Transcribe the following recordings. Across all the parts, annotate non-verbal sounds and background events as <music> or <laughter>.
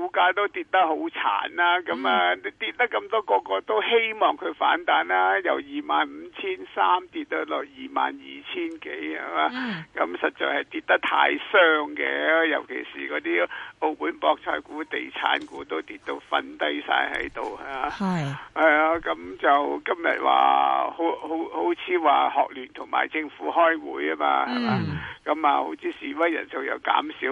股價都跌得好慘啦，咁、嗯嗯、啊跌得咁多，個個都希望佢反彈啦、啊。由二萬五千三跌到落二萬二千幾，係嘛？咁、嗯啊、實在係跌得太傷嘅，尤其是嗰啲澳門博彩股、地產股都跌到瞓低晒喺度啊。係是啊，咁就今日話好好好似話學聯同埋政府開會啊嘛，係嘛？咁、嗯、啊，好似示威人數又減少，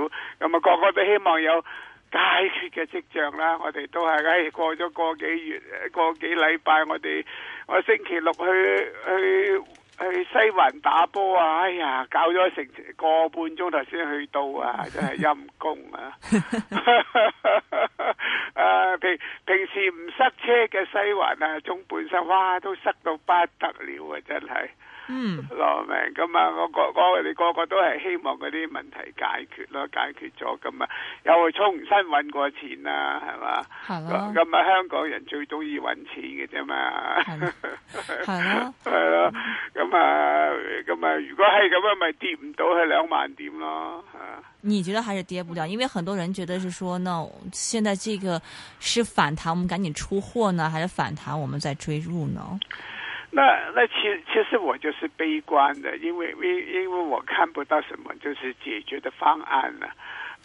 咁啊，個個都希望有。解決嘅跡象啦，我哋都係唉、哎，過咗個幾月，個幾禮拜，我哋我星期六去去去西環打波啊！哎呀，搞咗成個半鐘頭先去到啊，真係陰功啊！ <laughs> <laughs> 啊平平時唔塞車嘅西環啊，中半山哇都塞到不得了啊，真係。嗯，攞命，咁啊，我個我哋個個都係希望嗰啲問題解決咯，解決咗咁啊，又重新搵過錢啊，係嘛？係咯了。咁啊，香港人最中意搵錢嘅啫嘛。係咯了。係咯。 <laughs> 咁啊，咁啊了，了如果係咁樣，咪跌唔到係兩萬點咯。吓，你覺得還是跌不掉？因為很多人覺得是說，呢，現在這個是反彈，我們趕緊出貨呢，還是反彈，我們再追入呢？那那其其實我就是悲觀的，因為因為我看不到什麼就是解決的方案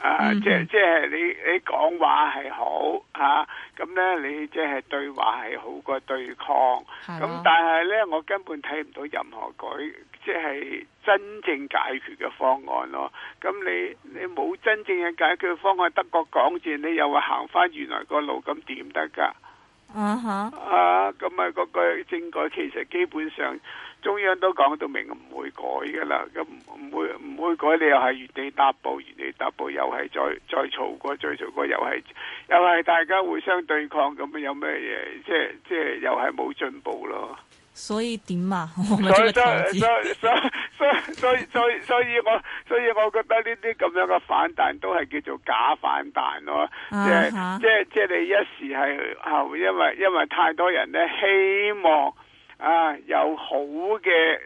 啊，即即係你你講話係好吓，咁、啊、咧你即係、就是、對話係好過對抗，咁、啊、但係咧我根本睇唔到任何改，即、就、係、是、真正解決嘅方案咯。咁你你冇真正嘅解決方案，德國講戰你又話行返原來個路，咁點得㗎？嗯哼，uh huh. 啊，咁、嗰、啊、個，嗰、嗰個、政改其實基本上中央都講到明唔會改噶啦，咁唔會唔會改你又係原地踏步，原地踏步又係再再嘈過，再嘈過又係又係大家互相對抗，咁啊有咩嘢？即係即係又係冇進步咯。所以點啊？所、所、所、所、所、所、所、所、所以、所以、所以我、所以我覺得呢啲咁樣嘅反彈都係叫做假反彈咯。即係即係即係你一時係後，因為因為太多人咧希望啊有好嘅誒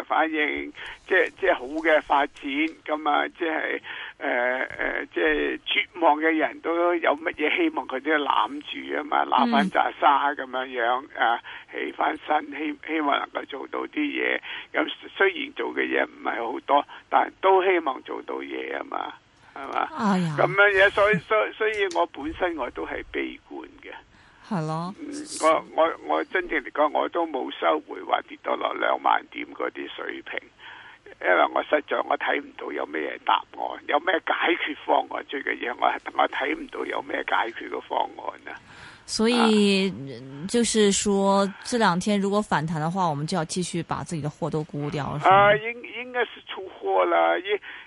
誒反應，即係即係好嘅發展咁啊，即係、即係。誒誒、呃呃，即係絕望嘅人都有乜嘢希望？佢都要攬住啊嘛，攬翻紮沙咁樣樣、嗯、啊，起翻身，希希望能夠做到啲嘢。咁雖然做嘅嘢唔係好多，但係都希望做到嘢啊嘛，係嘛？咁、哎、呦樣嘢，所以所以所以我本身我都係悲觀嘅，係咯的。我我我真正嚟講，我都冇收回話跌到落兩萬點嗰啲水平。因為我實在我睇唔到有咩答案，有咩解決方案，最緊要我我睇唔到有咩解決嘅方案啊！所以、啊、就是說，這兩天如果反彈的話，我們就要繼續把自己的貨都沽掉。啊，應應該是出貨啦，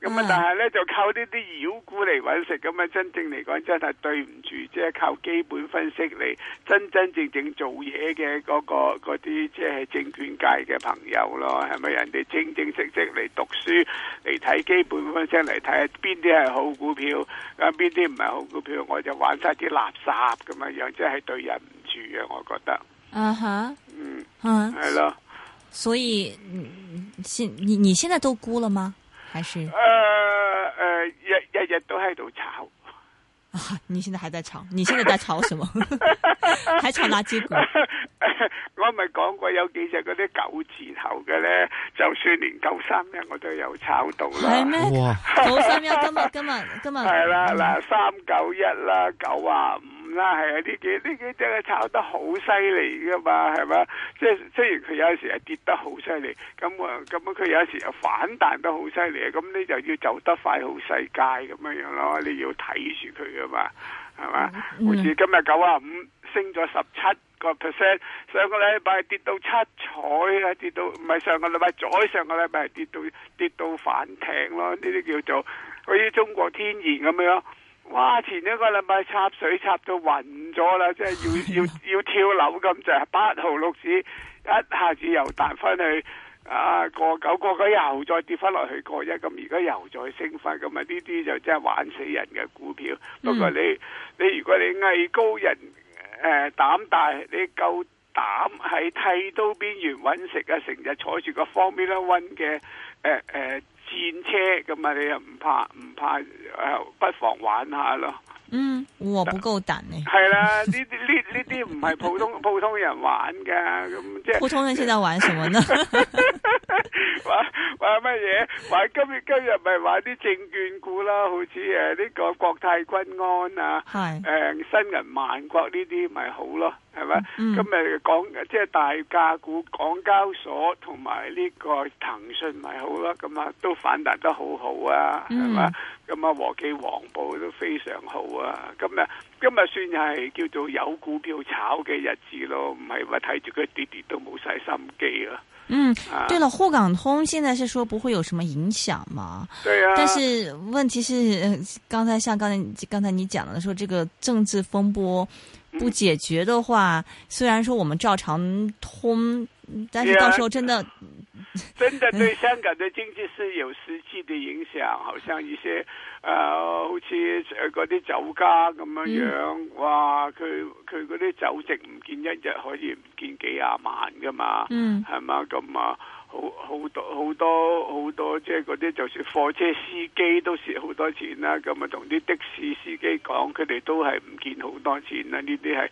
咁啊！嗯、但係咧就靠呢啲妖股嚟搵食，咁啊真正嚟講真係對唔住，即係靠基本分析嚟真真正正做嘢嘅嗰個嗰啲即係證券界嘅朋友咯，係咪人哋清清職職嚟讀書嚟睇基本分析嚟睇下邊啲係好股票，咁邊啲唔係好股票，我就玩晒啲垃圾咁啊樣，即係對人唔住啊！我覺得，嗯吓、uh，嗯嗯係咯，所以現你你現在都估啦嗎？誒誒、呃呃，日日日都喺度炒，啊、你現在還在炒？你現在在炒什麼？ <laughs> <laughs> 還炒哪隻？ <laughs> 我咪講過有幾隻嗰啲九字頭嘅咧，就算連九三一我都有炒到啦。係咩本？九三一今日今日今日。係啦，嗱三九一啦，九啊五。啦，係啊！呢幾呢幾隻係炒得好犀利噶嘛，係嘛？即係雖然佢有時係跌得好犀利，咁啊咁佢有時又反彈得好犀利，咁你就要走得快好世界咁樣樣咯，你要睇住佢噶嘛，係嘛？好似今日九啊五升咗十七個 percent，上個禮拜跌到七彩啊，跌到唔係上個禮拜再上，上個禮拜跌到跌到反艇咯，呢啲叫做好似中國天然咁樣。哇！前一個禮拜插水插到暈咗啦，即係要要要跳樓咁就係八毫六紙，一下子又彈翻去啊過九個幾，又再跌翻落去過一，咁而家又再升翻，咁啊呢啲就真係玩死人嘅股票。嗯、不過你你如果你藝高人誒、呃、膽大，你夠膽喺剃刀邊緣搵食啊，成日坐住個 Formula One 嘅誒戰車咁啊！你又唔怕唔怕，不妨玩下咯～嗯，我不夠膽咧。係啦、啊，呢啲呢呢啲唔係普通普通人玩噶，咁即係。 <laughs> 普通人現在玩什麼呢？ <laughs> 玩玩乜嘢？玩今日今日咪玩啲證券股咯，好似誒呢個國泰君安啊，係誒是、呃、申銀萬國呢啲咪好咯，係咪？嗯、今日講即係大價股，港交所同埋呢個騰訊咪好咯，咁啊都反彈得好好啊，係咪？嗯。咁啊，和記黃埔都非常好啊！咁啊，今日算係叫做有股票炒嘅日子咯，唔係話睇住佢啲啲都冇晒心機啊！嗯，對了，滬港通現在是說不會有什麼影響嘛？對啊。但是問題是，剛才像剛才，剛才你講到嘅，說，這個政治風波不解決的話，嗯、雖然說我們照常通，但是到時候真的。Yeah. <laughs> 真的對香港的經濟是有實際的影響，好像一些誒、呃，好似誒嗰啲酒家咁樣樣，嗯、哇，佢佢嗰啲酒席唔見一日可以唔見幾廿萬噶嘛，係嘛咁啊。好好多好多好多，即係嗰啲就算貨車司機都蝕好多錢啦。咁啊，同啲的士司機講，佢哋都係唔見好多錢啦。呢啲係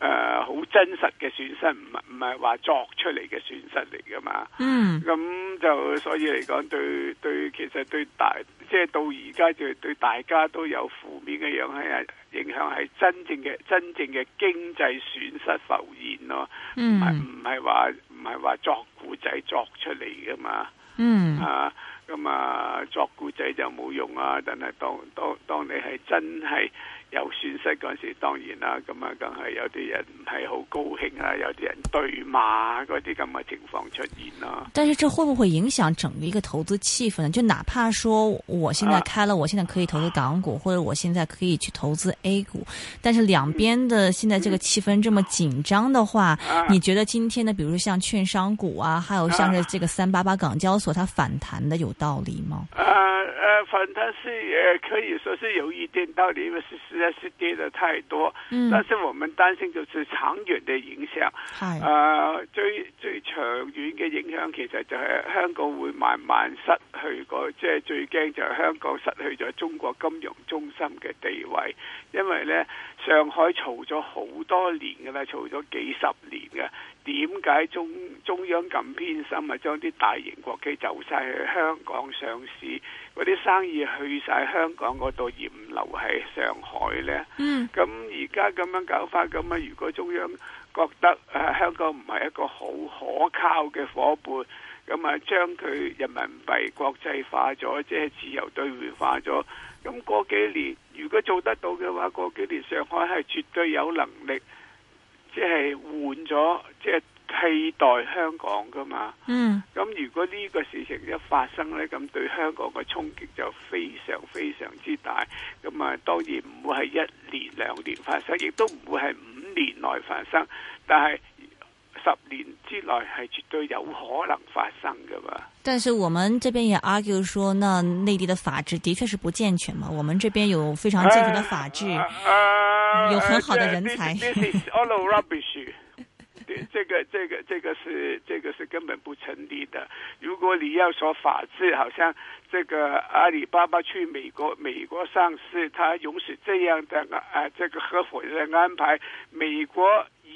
誒好真實嘅損失，唔係唔係話作出嚟嘅損失嚟噶嘛。嗯、mm.。咁就所以嚟講，對對其實對大即係、就是、到而家就對大家都有負面嘅影響，影響係真正嘅真正嘅經濟損失浮現咯。嗯，唔係話。唔係話作故仔作出嚟噶嘛，mm. 啊嗯啊咁啊作故仔就冇用啊，但係當當當你係真係。有損失嗰陣時，當然啦，咁啊，梗係有啲人唔係好高興啊，有啲人對罵嗰啲咁嘅情況出現咯。但是，這會不會影響整個一個投資氣氛呢？就哪怕說，我現在開了，啊、我現在可以投資港股，或者我現在可以去投資 A 股，但是兩邊的現在這個氣氛這麼緊張的話，嗯嗯、你覺得今天呢？比如像券商股啊，還有像是這個三八八港交所，它反彈的有道理嗎？呃、啊啊，反彈是也、啊，可以說是有一點道理，因為是。跌得太多，嗯、但是我們擔心就是長遠的影響。係，誒最最長遠嘅影響，其實就係香港會慢慢失去個，即係，最驚就係香港失去咗中國金融中心嘅地位。因為咧，上海嘈咗好多年噶啦，嘈咗幾十年嘅。點解中中央咁偏心啊？將啲大型國企走晒去香港上市，嗰啲生意去晒香港嗰度而唔留喺上海呢？嗯，咁而家咁樣搞法咁啊？如果中央覺得啊香港唔係一個好可靠嘅伙伴，咁啊將佢人民幣國際化咗，即係自由兌換化咗，咁嗰幾年如果做得到嘅話，嗰幾年上海係絕對有能力。即係換咗，即係替代香港噶嘛。嗯。咁如果呢個事情一發生呢，咁對香港嘅衝擊就非常非常之大。咁啊，當然唔會係一年兩年發生，亦都唔會係五年內發生。但係。十年之內係絕對有可能發生噶嘛？但是我們這邊也 argue 說，那內地的法制的確是不健全嘛？我們這邊有非常健全的法制，啊、有很好的人才。 <laughs> This is all rubbish。這個、這個、這個是、這個是根本不成立的。如果你要說法治，好像這個阿里巴巴去美國、美國上市，他允許這樣的啊，這個合夥人安排，美國。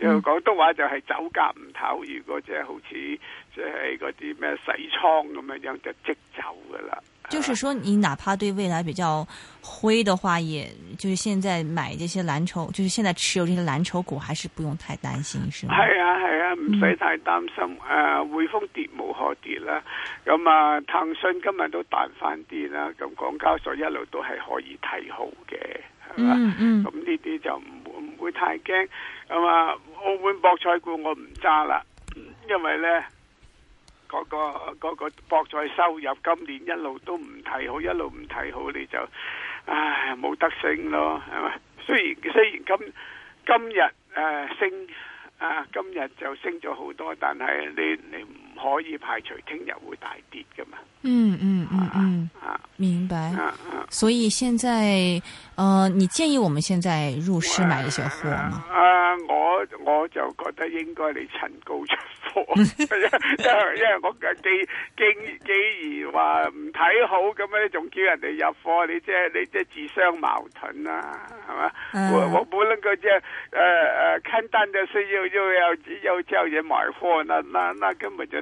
就廣、嗯、東話就係走甲唔透，如果即係好似即係嗰啲咩洗倉咁樣樣，就即走㗎啦。就是說，你哪怕對未來比較灰的話，也就是現在買這些藍籌，就是現在持有這些藍籌股，還是不用太擔心，是嗎？係啊係啊，唔使、啊、太擔心。誒、嗯啊，匯豐跌無可跌啦，咁啊，騰訊今日都彈翻啲啦，咁港交所一路都係可以睇好嘅，係嘛？咁呢啲就唔唔會太驚。嗯嗯嗯嗯係嘛？澳門博彩股我唔揸啦，因為呢嗰、嗰個、嗰個博彩收入今年一路都唔睇好，一路唔睇好，你就唉冇得升咯，係嘛？雖然雖然今今日誒、啊、升啊，今日就升咗好多，但係你你唔。可以排除聽日會大跌噶嘛？嗯嗯嗯嗯啊，明白。啊、所以現在、呃，你建議我們現在入市買一些貨嗎？啊，啊，我我就覺得應該你趁高出貨，因為我既既既，既然話唔睇好咁樣，仲叫人哋入貨，你即係你即係自相矛盾啊係嘛、啊？我我不能即叫，誒誒、啊呃，看淡的時候、呃、要叫人買貨，那那那根本就。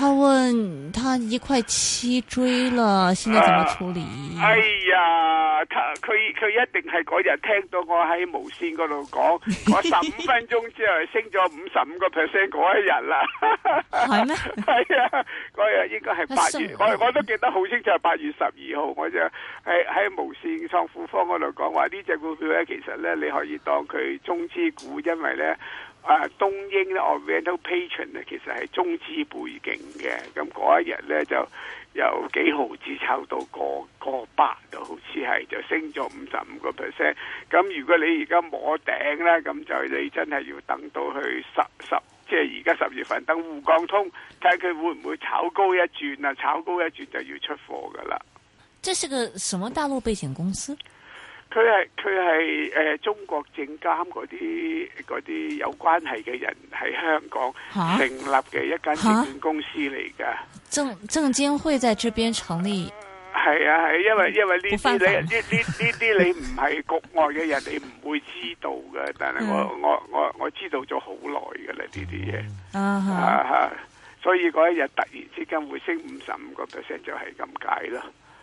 他問他一塊七追了，現在怎麼處理？啊、哎呀，他佢佢一定係嗰日聽到我喺無線嗰度講， <laughs> 我十五分鐘之後升咗五十五個 percent 嗰一日啦。係咩？係 <laughs> 嗎啊，嗰日應該係八月，嗎我我都記得好清楚，係八月十二號，我就喺喺無線創富方嗰度講話，呢隻股票咧，其實咧你可以當佢中資股，因為咧。啊，東英咧，Oriental Patron 咧，其實係中資背景嘅，咁嗰一日咧就由幾毫子炒到個個百，就好似係就升咗五十五個 percent。咁如果你而家摸頂咧，咁就你真係要等到去十十，即係而家十月份等滬港通，睇下佢會唔會炒高一轉啊！炒高一轉就要出貨噶啦。這是個什麼大陸背景公司？佢係佢係誒，中國證監嗰啲啲有關係嘅人喺香港成立嘅一間證券公司嚟噶。證證監會在這邊成立，係、嗯、啊係，因為因為呢啲你呢呢呢啲你唔係局外嘅人，你唔會知道噶。但係我、嗯、我我我知道咗好耐噶啦呢啲嘢啊，所以嗰一日突然之間會升五十五個 percent，就係咁解咯。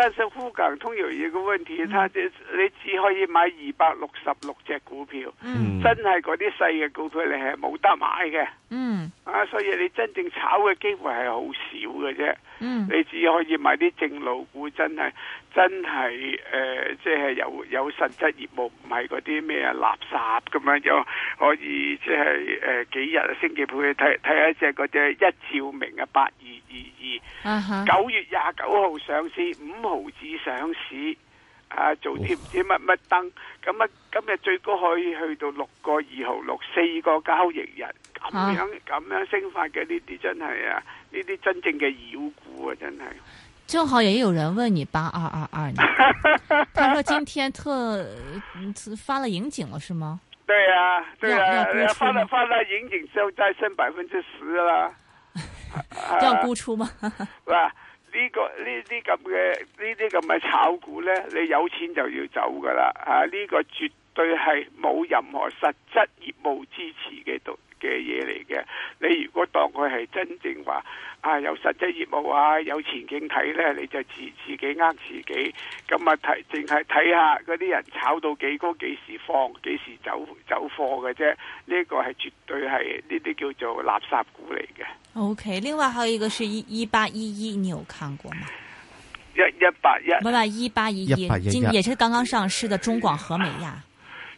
但係滬港通有嘢嘅問題，你只可以買二百六十六隻股票，嗯、真係嗰啲細嘅股票你係冇得買嘅。啊、嗯，所以你真正炒嘅機會係好少嘅啫。嗯、你只可以買啲正路股，真係真係誒，即、呃、係、就是、有有實質業務，唔係嗰啲咩垃圾咁樣，就可以即係誒幾日星期配睇睇一隻嗰隻一照明嘅八二二二，九月廿九號上市五。毫子上市啊，做啲唔知乜乜燈，咁啊哇今日最高可以去到六個二毫六，四個交易日咁樣咁、啊、樣升法嘅，呢啲真係啊，呢啲真正嘅妖股啊，真係。正好也有人問你八二二二。 <laughs> 他說今天特發了盈警了，是嗎？對啊，對啊，了發了發了盈警之後再升百分之十啦，叫沽 <laughs> 出嗎？係嘛、啊？ <laughs> 呢個呢啲咁嘅呢啲咁嘅炒股呢，你有錢就要走㗎喇吓，呢個絕對係冇任何實質業務支持嘅嘅嘢嚟嘅，你如果當佢係真正話啊有實際業務啊有前景睇呢，你就自己自己呃自己，咁啊睇淨係睇下嗰啲人炒到幾高，幾時放，幾時走走貨嘅啫，呢、這個係絕對係呢啲叫做垃圾股嚟嘅。O、okay, K，另外還有一個是一八一一，你有看過嗎？一一八一，咁啊，一八一一，今也是剛剛上市的中廣和美亞。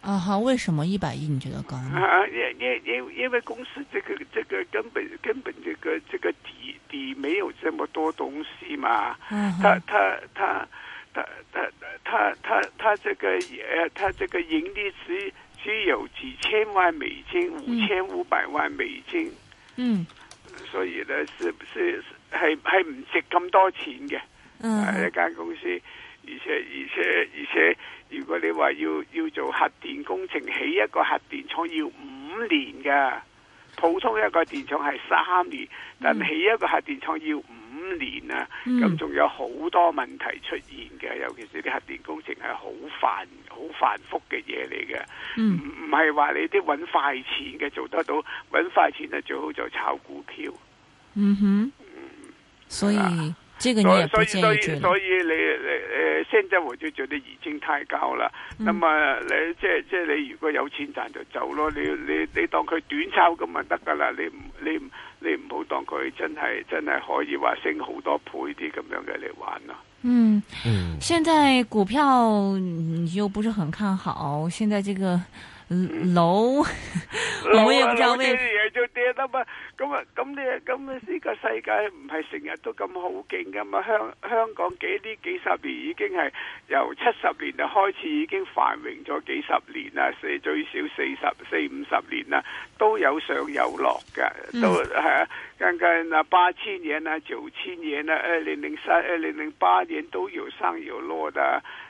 啊哈，uh、huh，為什麼一百億你覺得高？啊、uh，因因因因為公司這個這個根本根本這個這個底底沒有這麼多東西嘛。嗯、uh。他他他他他他他他這個誒，他這個盈利只只有幾千萬美金，五千五百萬美金。嗯。所以呢，是，是，是，是不是還還唔值咁多錢嘅。嗯、uh。一、huh. 間公司。而且而且而且，如果你話要要做核電工程，起一個核電廠要五年㗎，普通一個電廠係三年，嗯、但起一個核電廠要五年啊，咁仲、嗯、有好多問題出現嘅，尤其是啲核電工程係好繁好繁複嘅嘢嚟嘅，唔係話你啲揾快錢嘅做得到，揾快錢啊最好就炒股票。嗯哼，所以。啊所以所以所以所以你誒誒，升得或者就得已經太高啦。咁啊，你即係即係你如果有錢賺就走咯。你你你，你當佢短炒咁咪得噶啦。你唔你你唔好當佢真係真係可以話升好多倍啲咁樣嘅嚟玩啦。嗯嗯，嗯現在股票又不是很看好，現在這個。老老有咩嘢就跌得嘛？咁啊咁你咁啊，呢個世界唔係成日都咁好勁噶嘛？香香港幾啲幾十年已經係由七十年啊開始已經繁榮咗幾十年啦，四最少四十四五十年啦，都有上有落嘅，都係啊，近近啊八千年啦、九千年啦、二零零三、二零零八年都有生有落的。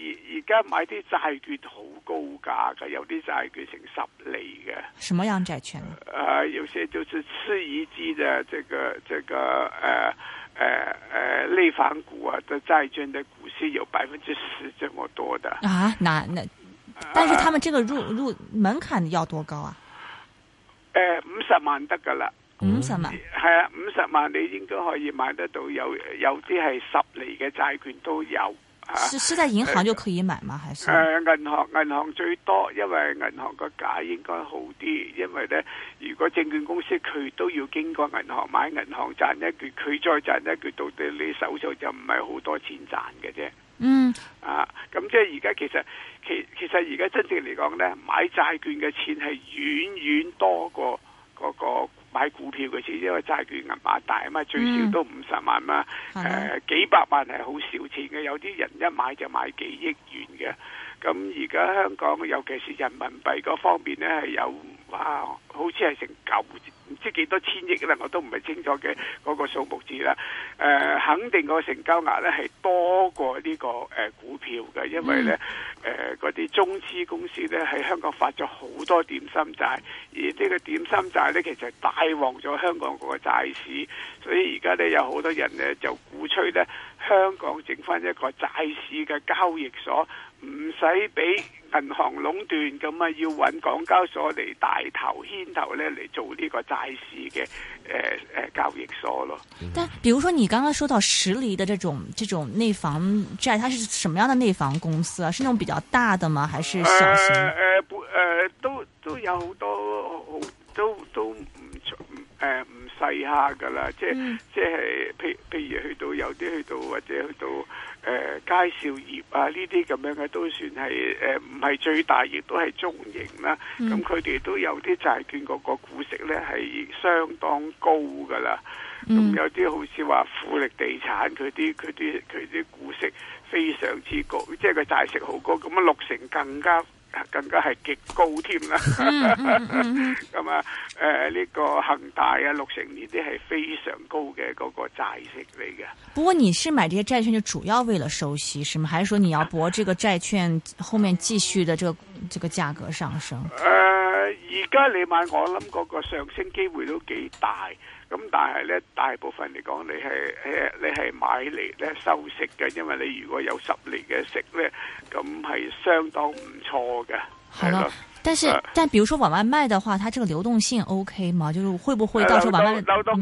而而家買啲債券好高價㗎，有啲債券成十厘嘅。什麼樣債券？誒、呃，有些就是次一級嘅、這個，這個這個誒誒誒內房股啊，的債券嘅股息有百分之十這麼多的。啊，那那，但是他們這個入、呃、入門檻要多高啊？誒、呃，五十萬得噶啦，五十萬係、嗯、啊，五十萬你應該可以買得到有，有有啲係十厘嘅債券都有。是是在銀行就可以買嗎？還是銀行銀行最多，因為銀行個價應該好啲。因為呢，如果證券公司佢都要經過銀行買銀行賺，銀行賺一橛，佢再賺呢，佢到底你手上就唔係好多錢賺嘅啫。嗯，啊，咁即係而家其實其其實而家真正嚟講呢，買債券嘅錢係遠遠多過嗰個。個買股票嘅錢，因為債券銀碼大啊嘛，最少都五十萬嘛。誒、嗯呃，幾百萬係好少錢嘅，有啲人一買就買幾億元嘅。咁而家香港，尤其是人民幣嗰方面咧，係有。哇！好似係成九唔知幾多千億啦，我都唔係清楚嘅嗰個數目字啦。誒，肯定個成交額咧係多過呢個誒股票嘅，因為咧誒嗰啲中資公司咧喺香港發咗好多點心債，而呢個點心債咧其實帶旺咗香港嗰個債市，所以而家咧有好多人咧就鼓吹咧香港整返一個債市嘅交易所。唔使俾銀行壟斷，咁啊要揾港交所嚟大頭牽頭咧嚟做呢個債市嘅、呃呃、交易所咯。但係，譬如說你剛剛說到十里嘅這種這種內房債，它是什麼樣的內房公司啊？是那種比較大的嗎？還是小型？呃呃呃、都都有好多好都都唔唔唔細下噶啦，即係、嗯、即係譬譬如去到有啲去到或者去到。誒佳兆業啊，呢啲咁樣嘅都算係誒唔係最大亦都係中型啦。咁佢哋都有啲債券嗰個股息咧係相當高噶啦。咁、mm. 有啲好似話富力地產佢啲佢啲佢啲股息非常之高，即係個債息好高。咁啊六成更加。更加係極高添啦，咁、呃這個、啊，誒呢個恒大啊六成，呢啲係非常高嘅嗰個債息嚟嘅。不過你是買這些債券就主要為了收息，是嗎？還是說你要搏這個債券後面繼續的這個、啊、這個價格上升？誒、呃，而家你買我諗嗰個上升機會都幾大。咁但係咧，大部分嚟講，你係誒，你係買嚟咧收息嘅，因為你如果有十年嘅息咧，咁係相當唔錯嘅。係啦吧，是的但是、呃、但，比如說往外賣嘅話，它這個流動性 OK 嘛？就是會不會到時候往外流動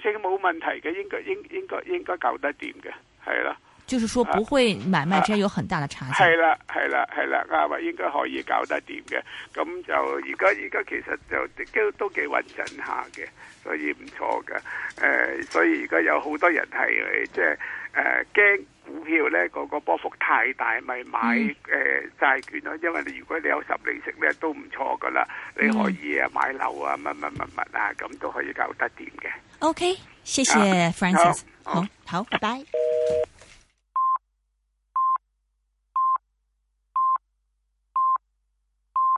性冇問題嘅，應該應該應該應該搞得掂嘅，係啦。就是說不會買賣之間有很大的差距。係啦，係啦，係啦，咁啊應該可以搞得掂嘅。咁就而家而家其實就都都幾穩陣下嘅，所以唔錯嘅。誒、呃，所以而家有好多人係即係誒驚股票咧，嗰個波幅太大，咪買誒、呃、債券咯。因為你如果你有十厘息咧，都唔錯噶啦。你可以啊買樓啊，乜乜乜乜啊，咁都可以搞得掂嘅。OK，謝謝、啊、Francis，好好，拜拜好。好 <laughs>